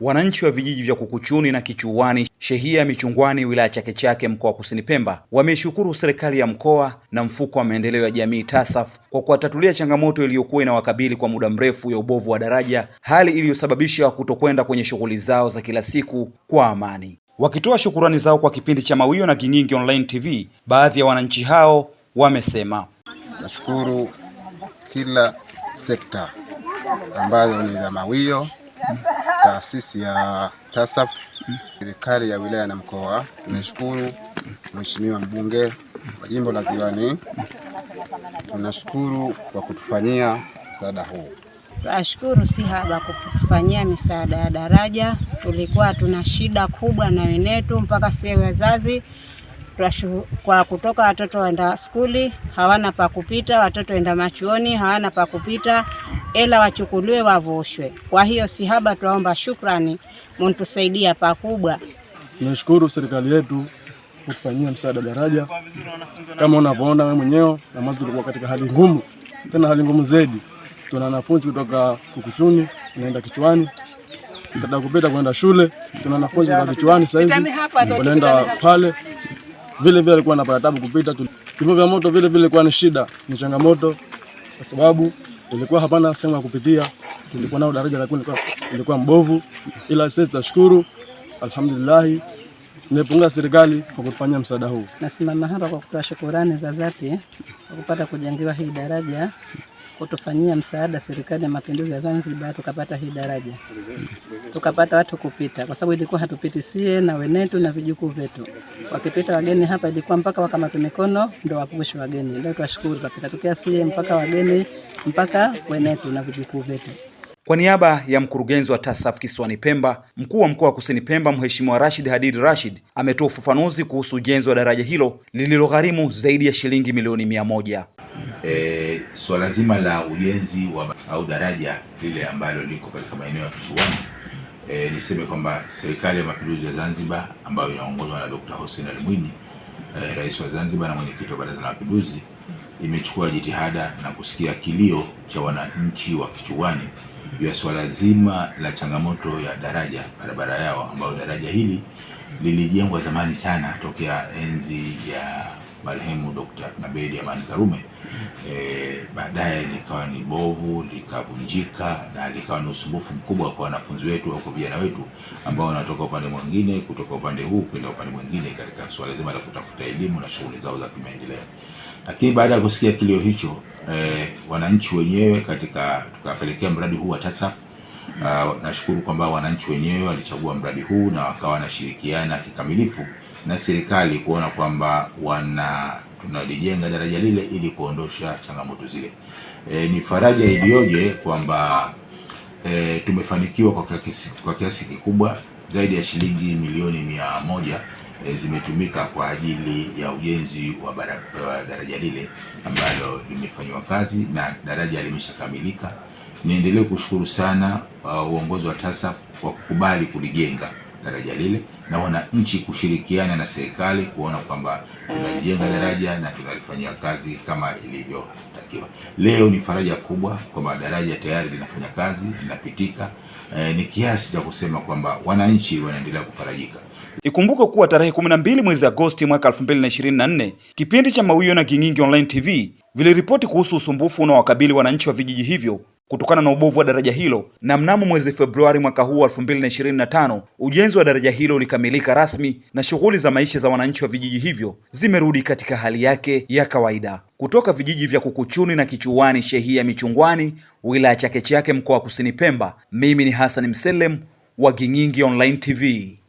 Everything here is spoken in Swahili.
Wananchi wa vijiji vya Kukuchuni na Kichuani, shehia ya Michungwani, wilaya Chake Chake, mkoa wa Kusini Pemba, wameishukuru serikali ya mkoa na mfuko wa maendeleo ya jamii TASAF kwa kuwatatulia changamoto iliyokuwa inawakabili kwa muda mrefu ya ubovu wa daraja, hali iliyosababisha kutokwenda kwenye shughuli zao za kila siku kwa amani. Wakitoa shukurani zao kwa kipindi cha Mawio na Kingingi Online TV, baadhi ya wananchi hao wamesema, nashukuru kila sekta ambayo ni za Mawio taasisi ya TASAF, serikali ya wilaya na mkoa. Tunashukuru Mheshimiwa mbunge wa jimbo la Ziwani, tunashukuru kwa kutufanyia msaada huu. Tunashukuru si haba kutufanyia misaada ya daraja. Tulikuwa tuna shida kubwa na wenetu, mpaka sie wazazi kwa kutoka, watoto waenda skuli hawana pa kupita, watoto waenda machuoni hawana pa kupita, ela wachukuliwe wavoshwe Kwa hiyo si haba twaomba shukrani, mntusaidia pakubwa. Tunashukuru serikali yetu kutufanyia msaada daraja, kama unavyoona wewe mwenyewe, na mwanzo tulikuwa katika hali ngumu, tena hali ngumu zaidi. Tuna wanafunzi kutoka Kukuchuni naenda Kichwani kupita kwenda shule, tuna wanafunzi kutoka Kichwani saizi wanaenda pale vile vile alikuwa anapata tabu kupita. Vyombo vya moto vile vile ilikuwa ni shida, ni changamoto kwa sababu ilikuwa hapana sehemu ya kupitia. Tulikuwa nao daraja ilikuwa mbovu, ila sisi tunashukuru alhamdulillah, nimepunga serikali kwa kutufanyia msaada huu. Nasimama hapa kwa kutoa shukurani za dhati kwa kupata kujengewa hii daraja kutufanyia msaada serikali ya mapinduzi ya Zanzibar, tukapata hii daraja, tukapata watu kupita, kwa sababu ilikuwa hatupiti sie na wenetu na vijukuu vetu. Wakipita wageni hapa, ilikuwa mpaka wakamate mikono ndio wapushe wageni. Leo twashukuru, tutapita tokea sie mpaka wageni mpaka wenetu na vijukuu vetu. Kwa niaba ya mkurugenzi wa TASAF kisiwani Pemba, mkuu wa mkoa wa kusini Pemba, Mheshimiwa Rashid Hadid Rashid ametoa ufafanuzi kuhusu ujenzi wa daraja hilo lililogharimu zaidi ya shilingi milioni mia moja e, swala so zima la ujenzi wa au daraja lile ambalo liko katika maeneo ya kichuani e, eh, niseme kwamba serikali ya mapinduzi ya Zanzibar ambayo inaongozwa na Dr. Hussein Ali Mwinyi e, rais wa Zanzibar na mwenyekiti wa baraza la mapinduzi imechukua jitihada na kusikia kilio cha wananchi wa kichuani ya swala zima la changamoto ya daraja barabara yao ambayo daraja hili lilijengwa zamani sana tokea enzi ya marehemu Dr. abedi Amani Karume e, baadaye likawa ni bovu likavunjika na likawa ni usumbufu mkubwa kwa wanafunzi wetu au kwa vijana wetu ambao wanatoka upande mwingine kutoka upande huu kwenda upande mwingine katika suala zima la kutafuta elimu na shughuli zao za kimaendeleo. Lakini baada ya kusikia kilio hicho e, wananchi wenyewe katika tukapelekea mradi huu wa TASAF. Uh, nashukuru kwamba wananchi wenyewe walichagua mradi huu na wakawa wanashirikiana kikamilifu na serikali kuona kwamba wana tunalijenga daraja lile ili kuondosha changamoto zile. E, ni faraja iliyoje kwamba e, tumefanikiwa kwa kiasi, kwa kiasi kikubwa zaidi ya shilingi milioni mia moja e, zimetumika kwa ajili ya ujenzi wa, bara, wa daraja lile ambalo limefanywa kazi na daraja limeshakamilika. Niendelee kushukuru sana uh, uongozi wa TASAF kwa kukubali kulijenga daraja lile na wananchi kushirikiana na serikali kuona kwamba tunajenga ah, ah. daraja na tunalifanyia kazi kama ilivyotakiwa. Leo ni faraja kubwa kwamba daraja tayari linafanya kazi, linapitika. E, ni kiasi cha kusema kwamba wananchi wanaendelea kufarajika. ikumbuke kuwa tarehe 12 mwezi Agosti mwaka 2024 kipindi cha Mawio na Gingingi Online TV viliripoti kuhusu usumbufu unaowakabili wananchi wa vijiji hivyo kutokana na ubovu wa daraja hilo, na mnamo mwezi Februari mwaka huu 2025 ujenzi wa daraja hilo ulikamilika rasmi na shughuli za maisha za wananchi wa vijiji hivyo zimerudi katika hali yake ya kawaida. Kutoka vijiji vya Kukuchuni na Kichuani, shehia Michungwani, wilaya Chake Chake, mkoa wa Kusini Pemba, mimi ni Hassan Mselem wa Gingingi Online TV.